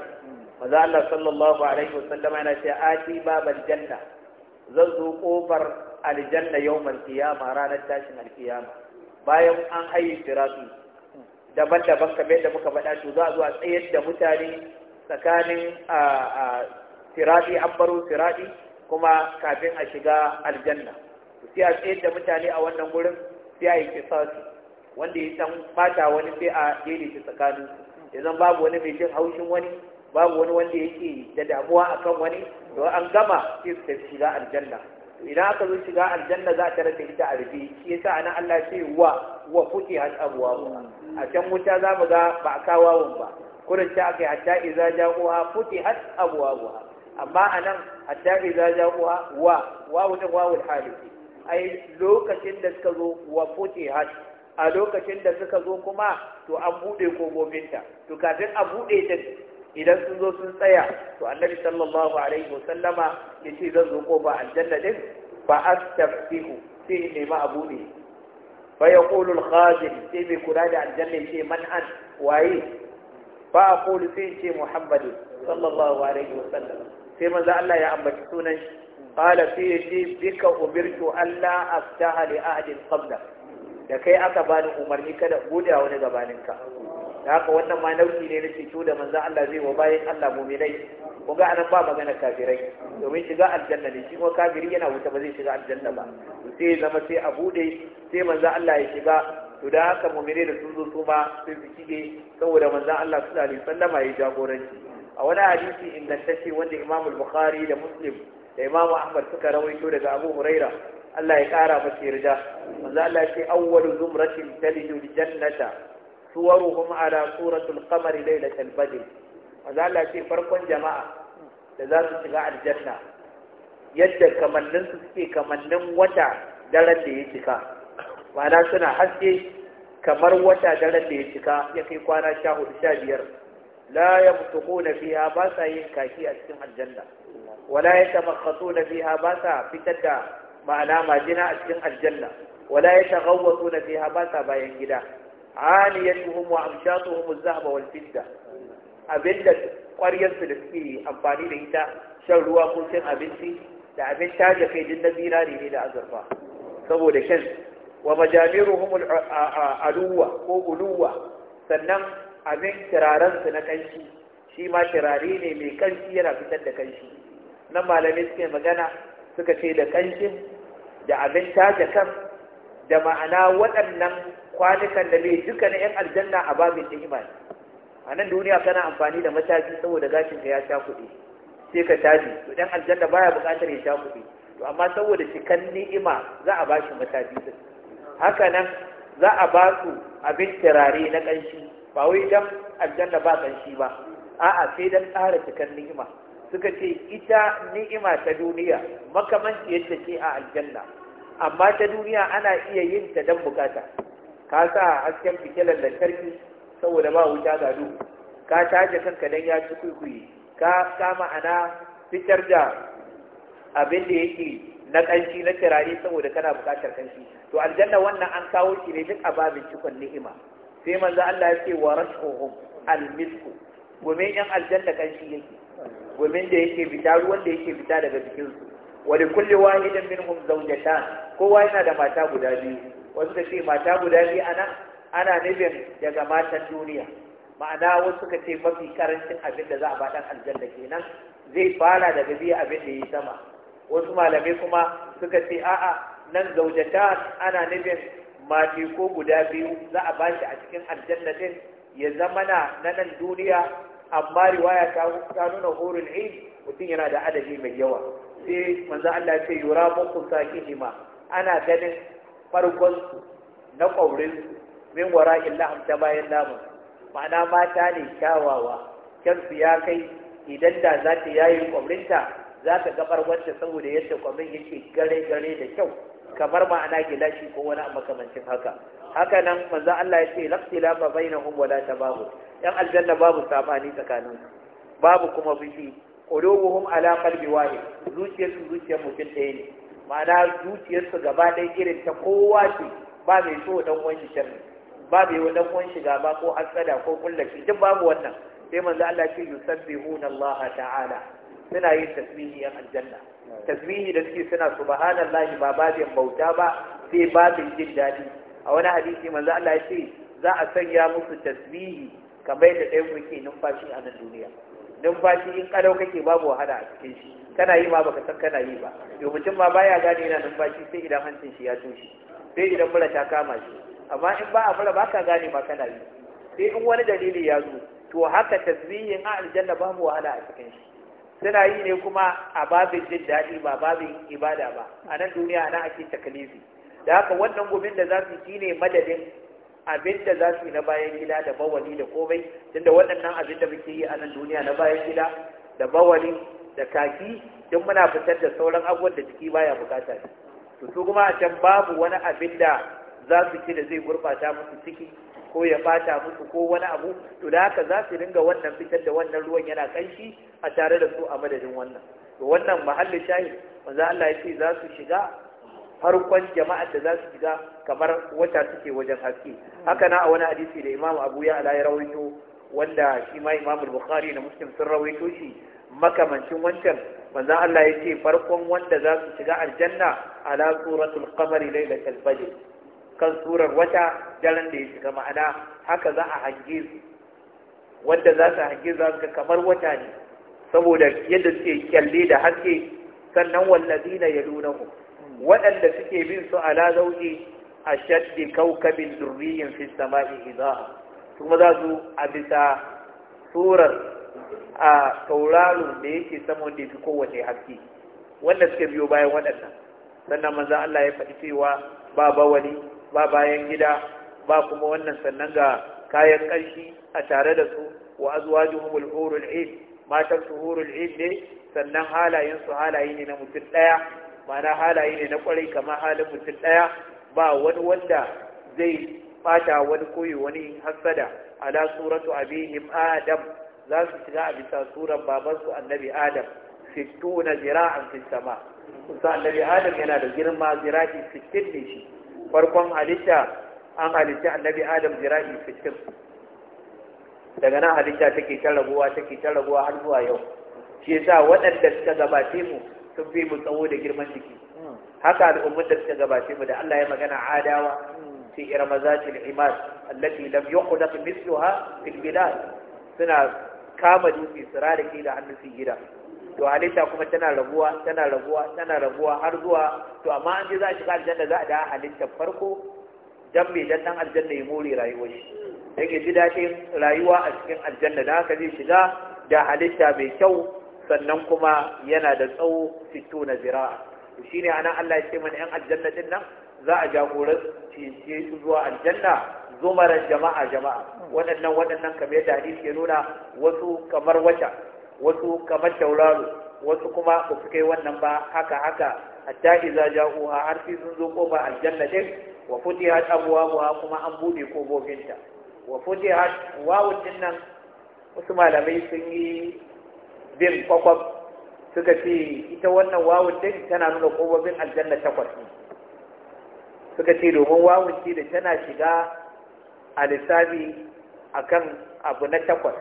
manzo Allah sallallahu alaihi wa sallama yana cewa ati babal janna zan zo kofar aljanna yawmal qiyama ranar tashin alkiyama bayan an haye firatu daban-daban kamar da muka faɗa to za a zo a tsayar da mutane tsakanin a an baro firati kuma kafin a shiga aljanna sai a tsayar da mutane a wannan gurin sai a yi kisasi wanda ya san bata wani sai a daidaita tsakanin idan babu wani mai jin haushin wani babu wani wanda yake da damuwa akan wani to an gama sai su shiga aljanna to idan aka zo shiga aljanna za ta rasa ita a rufe shi yasa ana Allah ce wa wa fuki hal abwa a can wuta za mu ga ba a kawo ba kurin ta akai hatta idza ja'uha fuki hal abwa amma anan hatta idza ja'uha wa wa wuta wawul halifi ai lokacin da suka zo wa fuki hal a lokacin da suka zo kuma to an bude kogominta to kafin a bude ta idan sun zo sun tsaya to annabi sallallahu alaihi wasallama ya ce zan zo Ba aljanna din fa astaftihu sai in nemi abu ne fa yaqulu al-khazin sai mai kula da aljanna ya ce man an waye fa aqulu sai in ce muhammadu sallallahu alaihi wasallam sai manzo Allah ya ambaci sunan shi qala sai ya bika umirtu alla aftaha li ahadin qabla da kai aka bani umarni kada buɗe wani gabaninka da haka wannan ma nauki ne na ceto da manzan Allah zai wa bayan Allah muminai ko ga anan ba magana kafirai domin shiga aljanna ne shi kuma kafiri yana wuta ba zai shiga aljanna ba sai zama sai a bude sai manzan Allah ya shiga to da haka muminai da sun zo su ma sai su shige saboda manzan Allah sallallahu alaihi wasallama ya jagoranci a wani hadisi ingantacce wanda Imam Bukhari da Muslim da Imam Ahmad suka rawaito daga Abu Huraira Allah ya kara masa yarda manzan Allah ya ce awwalu zumratin talidu jannata suwaruhum ala suratul qamari lailatul badr maza Allah ce farkon jama'a da za su shiga aljanna yadda kamannin su suke kamannin wata daren da ya cika ma'ana suna haske kamar wata daren da ya cika ya kai kwana sha hudu sha biyar la na fiha ba sa yin kaki a cikin aljanna wala ya na fiha ba sa fitar da ma'ana majina a cikin aljanna wala ya na fiha ba sa bayan gida aliyatuhum wa amshatuhum az-zahaba wal fidda abinda ƙwaryarsu da suke amfani da ita shan ruwa ko cin abinci da abin taje kai din na zinari ne da azurfa saboda shan wa majamiruhum aluwa ko uluwa sannan abin su na kanshi shi ma kirare ne mai kanshi yana fitar da kanshi nan malami suke magana suka ce da kanshin da abin taje kan da ma'ana waɗannan kwanukan da duka na 'yan aljanna a babin ni'ima ne a nan duniya kana amfani da mataki saboda gashin ka ya sha kuɗi sai ka tashi to ɗan aljanna baya buƙatar ya sha kuɗi to amma saboda cikan ni'ima za a ba shi mataki din haka nan za a ba su abin turare na ƙanshi ba wai dan aljanna ba ƙanshi ba a'a sai dan tsara cikan ni'ima suka ce ita ni'ima ta duniya makamanci yadda ce a aljanna amma ta duniya ana iya yin ta dan bukata ka sa hasken fitilar lantarki saboda ba wuta ga duhu ka tace kanka dan ya ci kuikuyi ka ka ma'ana fitar da abin da yake na kanshi na turare saboda kana bukatar kanshi to aljanna wannan an kawo shi ne duk ababin cikon ni'ima sai manzo Allah ya ce wa rashuhum almisku gumin yan aljanna kanshi yake gumin da yake fita ruwan da yake fita daga jikinsu wa li kulli wahidin minhum zawjatan kowa yana da mata guda biyu wasu da ce mata guda biyu a nan ana nufin daga matan duniya ma'ana wasu suka ce mafi karancin abin da za a baɗan aljanna kenan zai fara daga biyu abin da ya yi sama wasu malamai kuma suka ce a'a nan zaujata ana nufin mafi ko guda biyu za a ba shi a cikin aljanna din ya zama na nan duniya amma riwaya ta nuna horin aid mutum yana da adadi mai yawa sai manzo Allah ya ce yura muku sakihima ana ganin farkonsu na ƙaurinsu min wara illa ta bayan namun ma'ana mata ne kyawawa kyansu ya kai idan da za ta yayi ƙaurinta za ta gabar wacce saboda yadda ƙwamrin yake gare gare da kyau kamar ma'ana gilashi ko wani makamancin haka haka nan manzo Allah ya ce laqtila ma bainahum wala babu. yan aljanna babu sabani tsakanin babu kuma bishi qulubuhum ala qalbi wahid zuciyarsu zuciyar mutum ɗaya ne ma'ana zuciyarsu gaba ɗaya irin ta kowa ce ba mai so dan uwan shi ba mai wa dan uwan shi gaba ko hasada ko kullaci duk babu wannan sai manzo Allah ce yusabbihuna Allah ta'ala suna yin tasbihi a aljanna tasbihi da suke suna subhanallahi ba babin bauta ba sai babin jin dadi a wani hadisi manzo Allah ya ce za a sanya musu tasbihi kamar da ɗayan kuke numfashi a nan duniya numfashi in kadau kake babu wahala a cikin shi kana yi ma baka san kana yi ba yau mutum ma baya gane yana numfashi sai idan hancin shi ya tushe sai idan mura ta kama shi amma in ba a mura ba ka gane ma kana yi sai in wani dalili ya zo to haka tasbihin a aljanna babu wahala a cikin shi suna yi ne kuma a babin jin daɗi ba babin ibada ba a nan duniya ana ake takalifi da haka wannan gumin da za su yi ne madadin abin da za su yi na bayan gida da bawali da komai tunda waɗannan abin da muke yi a nan duniya na bayan gida da bawali da kaki duk muna fitar da sauran abubuwan da jiki baya bukata to su kuma a can babu wani abin da za su ci da zai gurbata musu ciki ko ya bata musu ko wani abu to da haka za su ringa wannan fitar da wannan ruwan yana kanshi a tare da su a madadin wannan to wannan mahallin shayi manzo Allah ya ce za su shiga harkon jama'a da za su shiga kamar wata suke wajen haske haka na a wani hadisi da Imam Abu ya ala ya rawaito wanda shi ma Imam Bukhari na Muslim sun rawaito shi makamancin wancan manzan Allah ya ce farkon wanda za su shiga aljanna ala suratul qamari lailatul badr kan surar wata daren da ya shiga ma'ana haka za a hange su wanda za su hange za su kamar wata ne saboda yadda suke kyalle da haske sannan ya wallazina mu. waɗanda suke bin su ala zauji a shaddi kaukabin durriyin fi sama'i idaha kuma za su a bisa surar a sauraron da yake samun da fi kowace haske wanda suka biyo bayan waɗannan sannan maza Allah ya faɗi cewa ba bawali ba bayan gida ba kuma wannan sannan ga kayan ƙarshi a tare da su wa azwajuhumul hurul ain matan su hurul ne sannan halayen su halaye ne na mutum ɗaya ma'ana halaye ne na kwarai kamar halin mutum ɗaya ba wani wanda zai fata wani koyi wani hassada ala suratu abihim adam za su shiga a bisa surar babansu annabi adam na zira'an fi sama kusa annabi adam yana da girma zira'i fitin ne shi farkon halitta an halitta annabi adam zira'i fitin. daga nan halitta take ta raguwa take ta raguwa har zuwa yau shi yasa waɗanda suka gabace mu sun fi mu tsawo da girman jiki haka al'ummar da suka gabace mu da Allah ya magana adawa fi irmazatil imad allati lam yukhlaq mithluha fil bilad suna kama dutse su rada ke da hannu fi gida to halitta kuma tana rabuwa, tana rabuwa, tana rabuwa, har zuwa to amma an je za a shiga aljanna za a da halitta farko dan me dan dan aljanna ya more rayuwar shi dan ya ji daɗin rayuwa a cikin aljanna da haka zai shiga da halitta mai kyau sannan kuma yana da tsawo fito na zira'a shine anan Allah ya ce mana yan aljanna din nan za a jagoranci su zuwa aljanna zumaran jama'a jama'a waɗannan waɗannan kamar yadda hadisi ke nuna wasu kamar wata wasu kamar tauraro wasu kuma ba su kai wannan ba haka haka hatta iza ha har sai sun zo kofa aljanna din wa futihat abwabuha kuma an bude ta wa futihat wawu din nan wasu malamai sun yi bin kwakwab suka ce ita wannan wawu din tana nuna kofofin aljanna takwas ne suka ce domin wawun ce da tana shiga a lissafi akan abu na takwas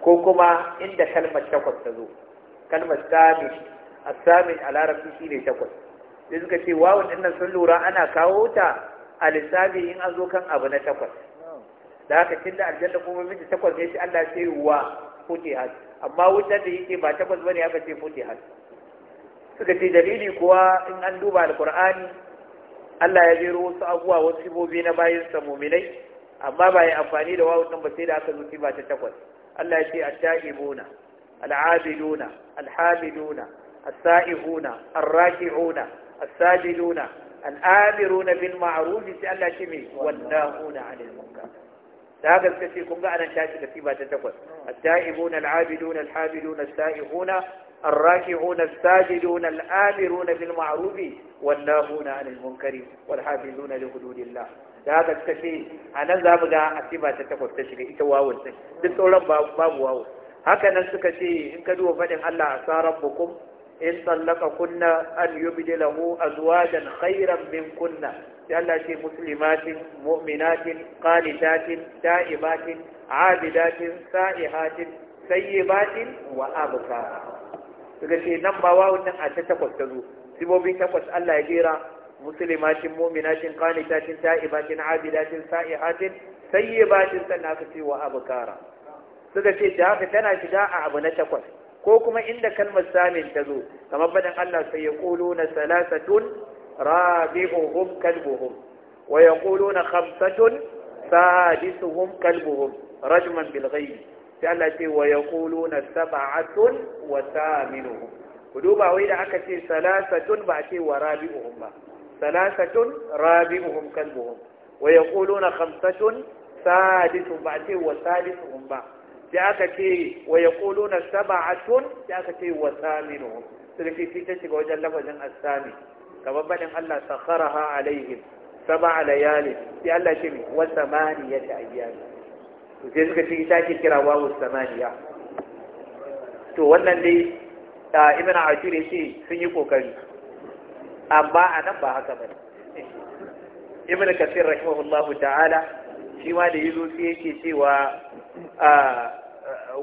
ko kuma inda kalmar takwas ta zo kalmar a asamin a larabci shi ne takwas da suka ce wawon ɗin sun lura ana kawo ta a lissafi in an zo kan abu na takwas da haka cin da aljanna kuma minti takwas ne shi Allah sai fute futihat amma wutar da yake ba takwas ba ne aka ce futihat suka ce dalili kuwa in an duba alqur'ani Allah ya jero wasu abubuwa wasu sibobi na bayin sa mu'minai amma ba ya amfani da wawun nan ba sai da aka zo ba ta takwas Allah ya ce at-ta'ibuna al-'abiduna al-hamiduna as-sa'ihuna huna, a as-sajiduna al-amiruna bil ma'ruf sai Allah ya ce me wallahuna 'anil munkar ta gaske suka ce kun ga anan ta shiga ba ta takwas a huna, sa'i at-ta'ibuna huna, abiduna al-hamiduna as-sa'ihuna الراكعون الساجدون الآمرون بالمعروف والناهون عن المنكر والحافظون لحدود الله da haka suka ce a nan za mu ga ba ta takwas ta shiga ita wawon ɗin duk sauran babu wawo haka nan suka ce in ka duba faɗin Allah a tsaron bukum in tsallaka kunna an a zuwa azwajan khairan min kunna ya Allah ce musulmatin mu'minatin qanitatin ta'ibatin abidatin sa'ihatin sayyibatin wa abka suka ce nan ba wawon nan a ta takwas ta zo sibobin takwas Allah ya jera muslimatin mu'minatin qanitatin ta'ibatin abidatin sa'ihatin sayyibatin sannan aka ce wa abkara suka ce da haka tana shiga a abu na takwas ko kuma inda kalmar samin ta zo kamar badan Allah sai ya kulu na salasatun rabi'uhum kalbuhum wa ya kulu na khamsatun sadisuhum kalbuhum rajman bil ghaibi sai Allah ce wa ya kulu na sab'atun wa saminuhum ku duba wai da aka ce salasatun ba a ce wa rabi'uhum ba ثلاثة رابعهم كلبهم ويقولون خمسة سادس بعد وثالثهم بعد جاءكتي ويقولون سبعة جاءكتي وثامنهم سلكي في تشك وجل لفظا الثامن كما بدن الله سخرها عليهم سبع ليال في الله شمي وثمانية أيام وجزك في تاكي كرا واو الثمانية تو wannan dai da ibn ajuri shi sun yi kokari amma a nan ba haka ba ibn kasir rahimahullahu ta'ala shi ma da yazo sai yake cewa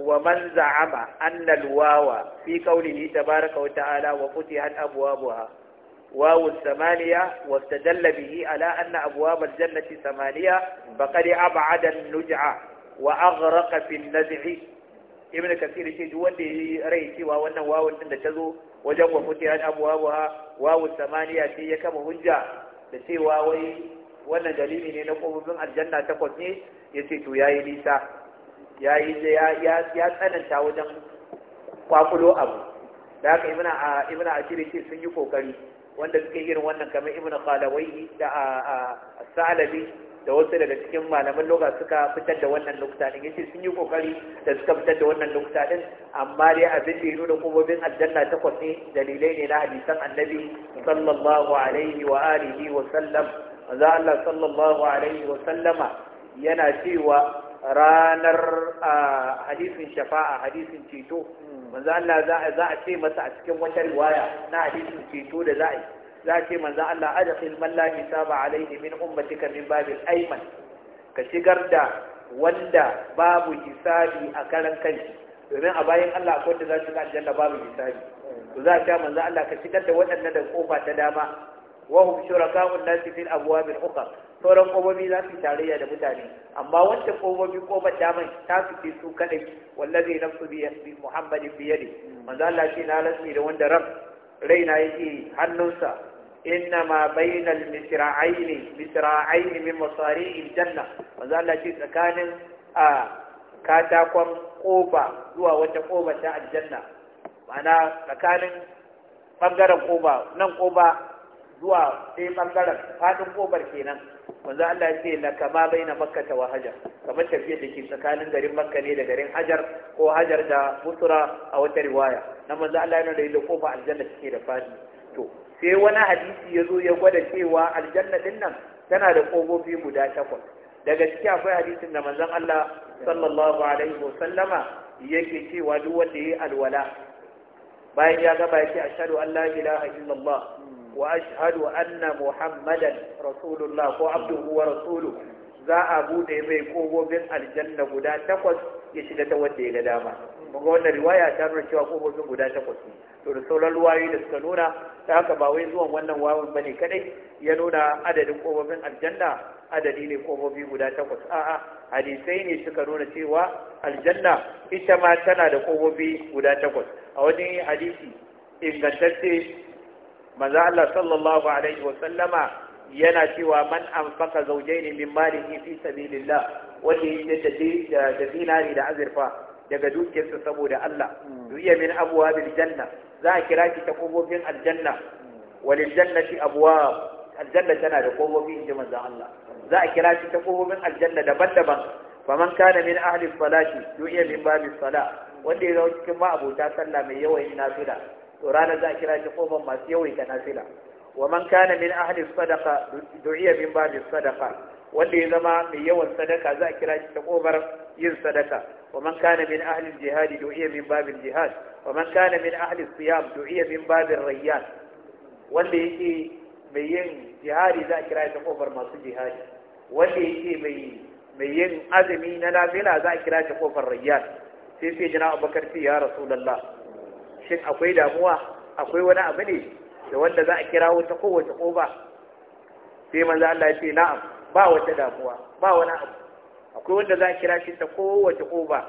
wa man za'ama anna al fi qawlihi wa ta'ala wa futihat abwaabuha واو الثمانية واستدل به على أن أبواب الجنة ثمانية فقد أبعد وأغرق في النزع ابن كثير شيء wanda ya rai cewa wannan wawon da ta zo wajen wa abubuwa, wawu samaniya sai ya kama hujja da cewa wai wannan dalili ne na kofofin aljanna takwas ne Ya ce to yayi nisa ya ya ya tsananta wajen kwakulo abu da haka ibna a ashiri ce sun yi kokari wanda suke irin wannan kamar imina kalawai da a salabi da wasu daga cikin malaman loga suka fitar da wannan nukta din yace sun yi kokari da suka fitar da wannan nukta din amma dai abin da ya nuna kubobin aljanna takwas ne dalilai ne na hadisan annabi sallallahu alaihi wa alihi wa sallam za Allah sallallahu alaihi wa sallama yana cewa ranar hadisin shafa'a hadisin ceto hmm. manzo Allah za a ce masa a cikin wata riwaya na hadisin ceto da za a yi za ce manzan Allah adkhil man la hisaba alaihi min ummatika min babin ayman ka shigar da wanda babu hisabi a karan kanshi domin a bayan Allah akwai da za su ga aljanna babu hisabi Ku za ta manzan Allah ka shigar da waɗannan da kofa ta dama wa hum shuraka'un nasi fil abwabil ukhra sauran kofofi za su tarayya da mutane amma wancan kobobi kobar daman ta fice su kadai wallazi nafsu bi muhammadin biyadi manzo Allah shi na rasmi da wanda rab raina yake hannunsa إنما بين المسرعين مسرعين من مصاريع الجنة وذلك شيء katakon آه zuwa wata هو ta al-janna. Mana tsakanin ɓangaren ƙoba nan ƙoba zuwa dai ɓangaren faɗin ƙobar kenan manzo Allah ya ce la kama baina makka wa hajar kamar tafiyar da ke tsakanin garin makka ne da garin hajar ko hajar da mutura a wata riwaya na manzo Allah yana da yadda ƙofa aljanna take da faɗi to sai wani hadisi ya zo ya gwada cewa aljanna din nan tana da kogofi guda takwas daga ciki akwai hadisin da manzon Allah sallallahu alaihi wasallama yake cewa duk wanda yayi alwala bayan ya gaba yake ashhadu an la ilaha illallah wa ashhadu anna muhammadan rasulullah ko abduhu wa rasuluhu za a bude mai kogobin aljanna guda takwas ya shiga ta wanda ya ga dama kun ga wannan riwaya ta nuna cewa kofofin guda takwas ne to da sauran ruwayoyi da suka nuna ta haka ba wai zuwan wannan wawan bane kadai ya nuna adadin kofofin aljanna adadi ne kofofi guda takwas a'a hadisai ne suka nuna cewa aljanna ita ma tana da kofofi guda takwas a wani hadisi ingantacce manzo Allah sallallahu alaihi wa sallama yana cewa man anfaqa zawjayn min malihi fi sabilillah wanda yake da da dinari da azurfa daga dukiyarsa saboda Allah riya mm. min abwabil janna za a kira ki ta kofofin aljanna mm. walil jannati abwab aljanna tana da kofofi inji manzon Allah za a kira ki ta kofofin aljanna daban-daban faman kana min ahli salati du'iya min babis sala wanda ya zama cikin ma'abota sallah mai yawan nafila to ranar za a kira shi kofar masu yawan ta nafila wa man kana min ahli sadaqa du'iya min babis sadaqa wanda ya zama mai yawan sadaka za a kira shi ta kobar yin sadaka wa man kana min ahli jihadi iya min babin jihad wa man kana min ahli siyam do iya min babin rayyan wanda yake mai yin jihadi za a kira shi ta kobar masu jihadi wanda yake mai mai yin azumi na nafila za a kira shi kofar rayyan sai sai jina abubakar ce ya rasulullah shin akwai damuwa akwai wani abu ne da wanda za a kira wata kowace koba sai manzo Allah ya ce na'am ba wata damuwa ba wani abu akwai wanda za a kira shi ta kowace ƙoba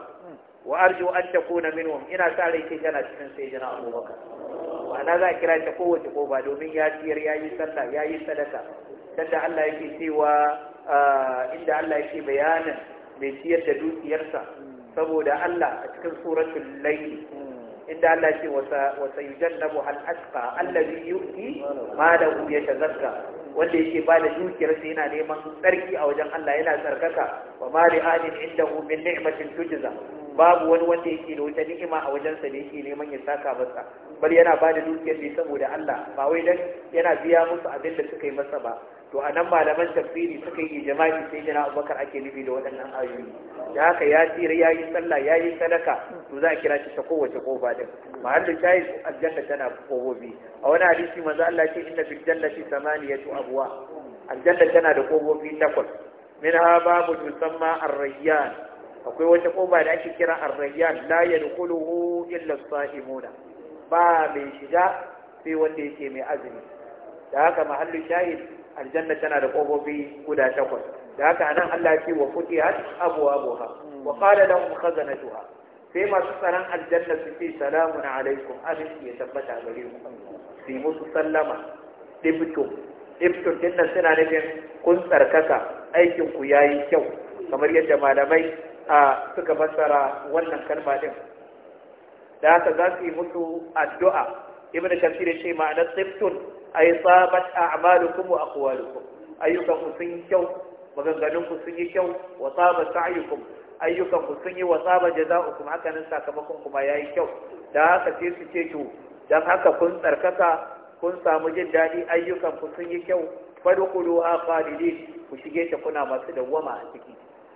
wa arju an ta kona minhum ina sa rai ce tana cikin sai jana abubakar ma'ana za a kira ta kowace ƙoba domin ya ciyar ya yi sallah ya yi sadaka sanda Allah yake cewa inda Allah yake bayanin mai ciyar da dukiyarsa saboda Allah a cikin suratul layl inda Allah ce wasa yujannabu hal asqa allazi yu'ti malahu yatazakka wanda yake ba da dukiyarsa yana neman tsarki a wajen Allah yana tsarkaka wa ma inda ahadin indahu min ni'matin tujza babu wani wanda yake da wata ni'ima a wajen wajensa da yake neman ya saka masa Bar yana ba da dukiyar ne saboda Allah ba wai dan yana biya musu abin da suka yi masa ba to a nan malaman tafsiri suka yi jama'i sai jina abubakar ake nufi da waɗannan ayoyi da haka ya tsira ya yi sallah ya yi sadaka to za a kira shi ta kowace kofa din mahallin shayi aljanna tana kofofi a wani hadisi manzo Allah ce inna fil jannati samaniyatu abwa aljanna tana da kofofi takwas minha babu tusamma ar-rayyan akwai wata koba da ake kira arrayyan la yadkhuluhu illa as ba mai shiga sai wanda yake mai azumi da haka mahallu shahid aljanna tana da kofofi guda takwas da haka anan Allah ya ce wa futihat abwabuha wa qala lahum khazanatuha sai masu tsaron aljanna su ce salamun alaikum abin ya tabbata gare mu. sai musu sallama dibtum dibtum dinnan suna nufin kun tsarkaka aikin ku yayi kyau kamar yadda malamai a suka fassara wannan kalma din da haka za su yi musu addu'a ibn kafir ya ce ma'anar tsiftun ay sabat a'malukum wa aqwalukum ayyukan ku sun yi kyau maganganun ku sun yi kyau wa sabat sa'yukum ayyukan ku sun yi wa sabat jaza'ukum haka nan sakamakon kuma yayi kyau da haka sai su ce to dan haka kun tsarkaka kun samu jin daɗi ayyukan ku sun yi kyau a khalidin ku shige ta kuna masu dawwama a ciki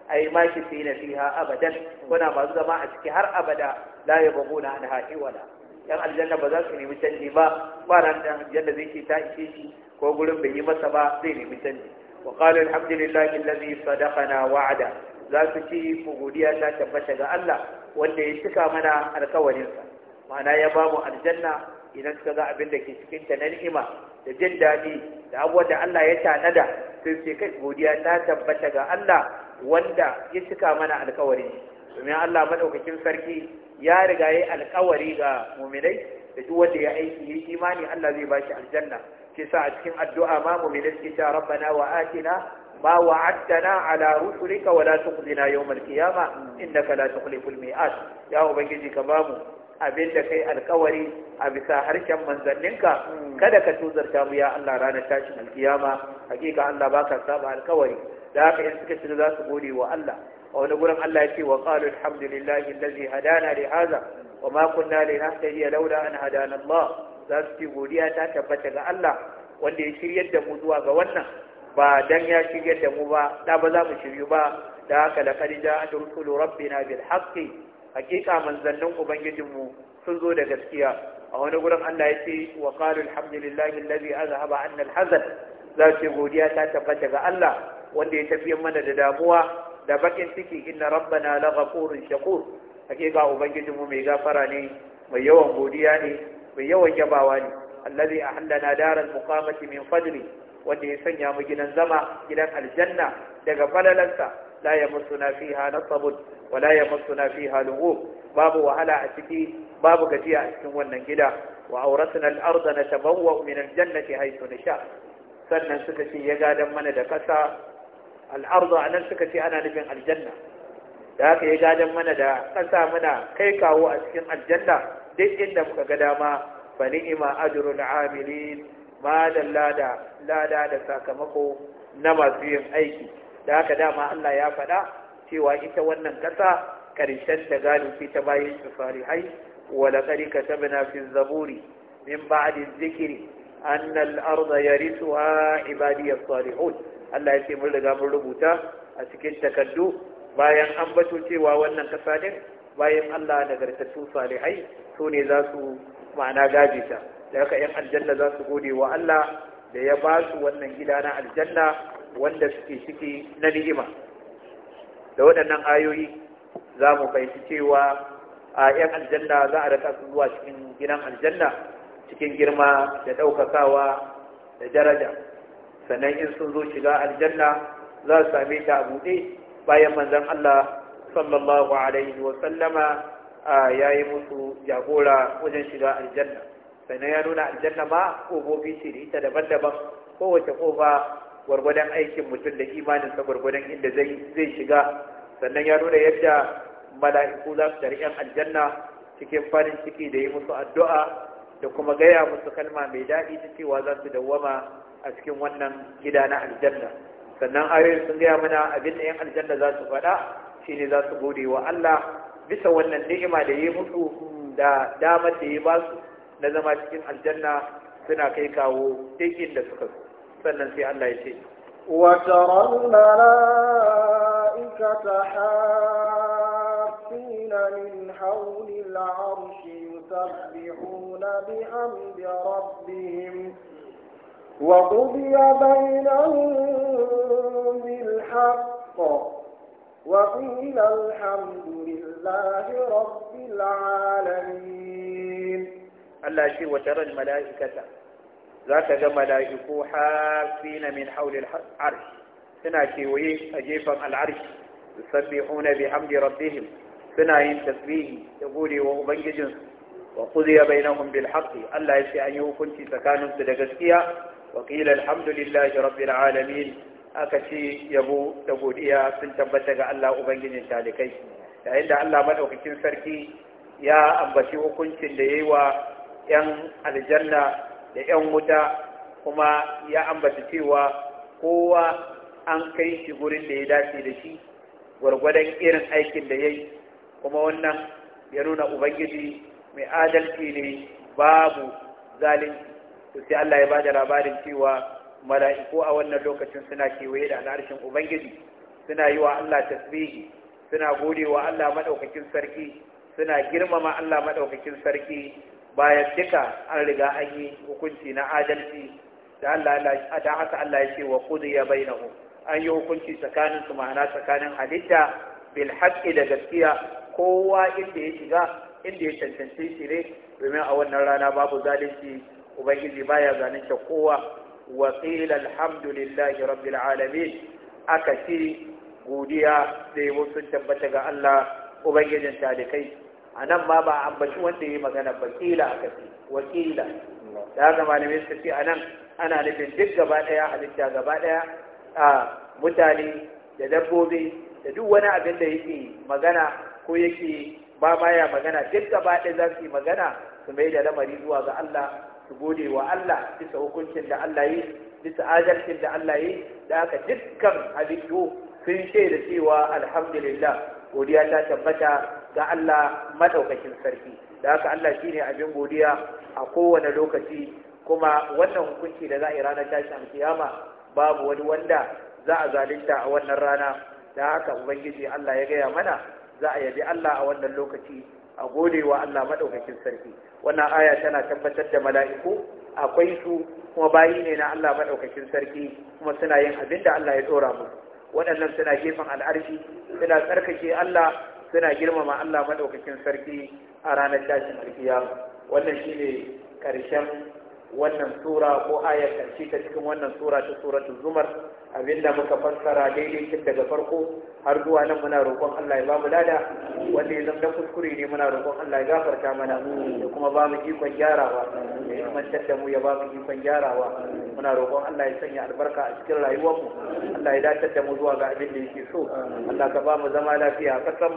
ai ma shi fi na abadan kuna masu zama a ciki har abada la ya bago na hana haƙi wala yan aljanna ba za su nemi canji ba ba ran da aljanna zai ce ta ishe shi ko gurin bai yi masa ba zai nemi canji wa qala alhamdulillahi allazi sadaqana wa'ada za su ci godiya ta tabbata ga Allah wanda ya cika mana alkawarinsa ma'ana ya ba mu aljanna idan suka ga abin da ke cikin ta na ni'ima da jin daɗi da abubuwan da Allah ya tanada sai sai kai godiya ta tabbata ga Allah wanda ya cika mana alkawari domin Allah madaukakin sarki ya riga yayi alkawari ga mu'minai da duk wanda ya aiki yi imani Allah zai bashi aljanna ke sa a cikin addu'a ma mu'minai ke cewa rabbana wa atina ma wa'adtana ala rusulika wa la tukhzina yawmal qiyamah innaka la tukhliful mi'ad ya ubangiji ka bamu abin da kai alkawari a bisa harshen manzanninka hmm. kada ka tuzarta mu ya Allah ranar tashin alkiyama hakika Allah baka saba alkawari da haka in suka shiga za su gode wa Allah a wani gurin Allah ya ce wa qalu alhamdulillahi allazi hadana li hadha wa ma kunna linahtadiya laula an hadana Allah za su ce godiya ta tabbata ga Allah wanda ya shiryar da mu zuwa ga wannan ba dan ya shiryar da mu ba da ba za mu shiryu ba da haka laqad ja'at rusulu rabbina bil haqqi hakika manzannin ubangijinmu sun zo da gaskiya a wani gurin Allah ya ce wa qalu alhamdulillahi allazi azhaba anna alhazan za su ce godiya ta tabbata ga Allah wanda ya tafiye mana da damuwa da bakin ciki inna rabbana la ghafurun shakur hakika mu mai gafara ne mai yawan godiya ne mai yawan yabawa ne allazi ahallana daral muqamati min fadli wanda ya sanya mu gidan zama gidan aljanna daga falalansa la yamassuna fiha nasabun wa la yamassuna fiha lughub babu wahala a ciki babu gajiya a cikin wannan gida wa awrasna al-ardha natabawwa min al-jannati haythu nasha sannan suka ce ya gadan mana da kasa al'arzu a nan suka ce ana nufin aljanna da haka ya gadon mana da ƙasa muna kai kawo a cikin aljanna duk inda muka ga dama fa ni'ima ajrul amilin ma da lada lada da sakamako na masu yin aiki da haka dama Allah ya faɗa cewa ita wannan ƙasa ƙarshen da galibi ta bayan su salihai wa laqad katabna fi zaburi min ba'di dhikri anna al ya yarithuha ibadiyas salihun Allah ya ce mun riga mun rubuta a cikin takardu bayan an bato cewa wannan kasa din bayan Allah nagartattu salihai su ne za su ma'ana gaje ta da haka yan aljanna za su gode wa Allah da ya ba su wannan gida na aljanna wanda suke ciki na ni'ima da waɗannan ayoyi za mu fahimci cewa a yan aljanna za a raka su zuwa cikin gidan aljanna cikin girma da ɗaukakawa da daraja sannan in sun zo shiga aljanna za su same ta a buɗe bayan manzon Allah sallallahu alaihi wa sallama ya yi musu jagora wajen shiga aljanna sannan ya nuna aljanna ma kofofi ce da ita daban-daban kowace kofa gwargwadon aikin mutum da imaninsa gwargwadon inda zai shiga sannan ya nuna yadda mala'iku za su tarihin aljanna cikin farin ciki da yi musu addu'a da kuma gaya musu kalma mai daɗi ta cewa za su dawwama a cikin wannan gida na aljanna sannan ayoyin sun gaya mana abin da yan aljanna za su faɗa shine za su gode wa Allah bisa wannan ni'ima da ya mutu da damar da ya ba su na zama cikin aljanna suna kai kawo duk da suka so sannan sai Allah ya ce وترى الملائكة حافين من حول العرش يسبحون بحمد ربهم وقضي بينهم بالحق وقيل الحمد لله رب العالمين الله شيء وترى الملائكة ذاك ملائكة حافين من حول العرش سنا كيوي أجيفا العرش يسبحون بحمد ربهم سنا تسبيه يقولي وأبنججن وقضي بينهم بالحق الله يشي أن يكون في سكان سدقسكيا وقيل الحمد لله رب العالمين akace yabo da godiya sun tabbata ga Allah ubangijin talikai yayin da Allah madaukakin sarki ya ambaci hukuncin da yi wa yan aljanna da yan wuta kuma ya ambaci cewa kowa an kai shi gurin da ya dace da shi gwargwadon irin aikin da yayi kuma wannan ya nuna ubangiji mai adalci ne babu zalunci to sai Allah ya bada labarin cewa mala'iku a wannan lokacin suna kewaye da al'arshin ubangiji suna yi wa Allah tasbihi suna gode wa Allah madaukakin sarki suna girmama Allah madaukakin sarki bayan duka an riga an yi hukunci na adalci da Allah da haka Allah ya ce wa qudiya bainahum an yi hukunci tsakanin su ma'ana tsakanin halitta bil haqqi da gaskiya kowa inda ya shiga inda ya cancanci shi ne domin a wannan rana babu zalunci ubangiji baya zalunta kowa wa qila alhamdulillahi rabbil alamin aka ce godiya da yabo sun tabbata ga Allah ubangijin talikai anan ma ba ambaci wanda yayi magana ba kila aka ce wa qila da haka malamai ci a nan? ana nufin duk gaba daya halitta gaba daya a mutane da dabbobi da duk wani abin da yake magana ko yake ba ma ya magana duk gaba ɗaya za su yi magana su mai da lamari zuwa ga Allah su gode wa Allah bisa hukuncin da Allah yi bisa adalcin da Allah yi da aka dukkan halittu sun shaida cewa alhamdulillah godiya ta tabbata ga Allah madaukakin sarki da haka Allah shine abin godiya a kowane lokaci kuma wannan hukunci da za a yi ranar tashin kiyama babu wani wanda za a zalunta a wannan rana da haka ubangiji Allah ya gaya mana za a yabi Allah a wannan lokaci a gode wa Allah maɗaukakin sarki wannan aya tana tabbatar da mala'iku akwai su kuma bayi ne na Allah maɗaukakin sarki kuma suna yin abin da Allah ya tsora musu waɗannan suna gefen al'arshi suna tsarkake Allah suna girmama Allah maɗaukakin sarki a ranar tashin alkiyama wannan shine ƙarshen. wannan sura ko ayar karshe ta cikin wannan sura ta suratul zumar abinda muka fassara daidai tun daga farko har zuwa nan muna roƙon Allah ya bamu lada wanda ya zama kuskure ne muna roƙon Allah ya gafarta mana da kuma bamu ikon gyarawa ya mantar da mu ya bamu ikon gyarawa muna roƙon Allah ya sanya albarka a cikin rayuwarmu Allah ya dace da mu zuwa ga abin da yake so Allah ka ba mu zama lafiya a ƙasar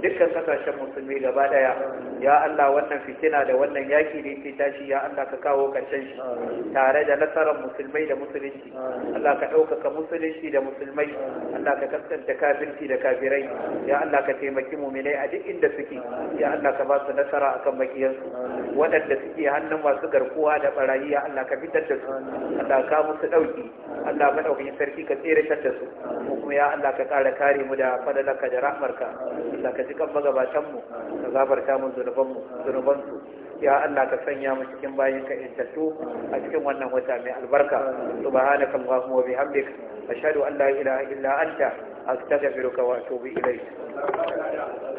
dukkan ƙasashen musulmi gaba ɗaya. ya Allah wannan fitina da wannan yaki da yake tashi ya Allah ka kawo karshen shi tare da nasarar musulmai da musulunci Allah ka ɗaukaka musulunci da musulmai Allah ka kaskanta kafirci da kafirai ya Allah ka taimaki muminai a duk inda suke ya Allah ka ba su nasara akan makiyansu waɗanda suke hannun masu garkuwa da barayi ya Allah ka fitar da su Allah ka musu dauki Allah madaukakin sarki ka tsere da su mu kuma ya Allah ka kara kare mu da fadalarka da rahmarka Allah ka ji kan magabatan mu ka zabarta mu zunuban mu su ya Allah ka sanya mu cikin bayan ka intattu a cikin wannan wata mai albarka subhanaka allahumma wa bihamdik ashhadu an la ilaha illa anta astaghfiruka wa atubu ilayk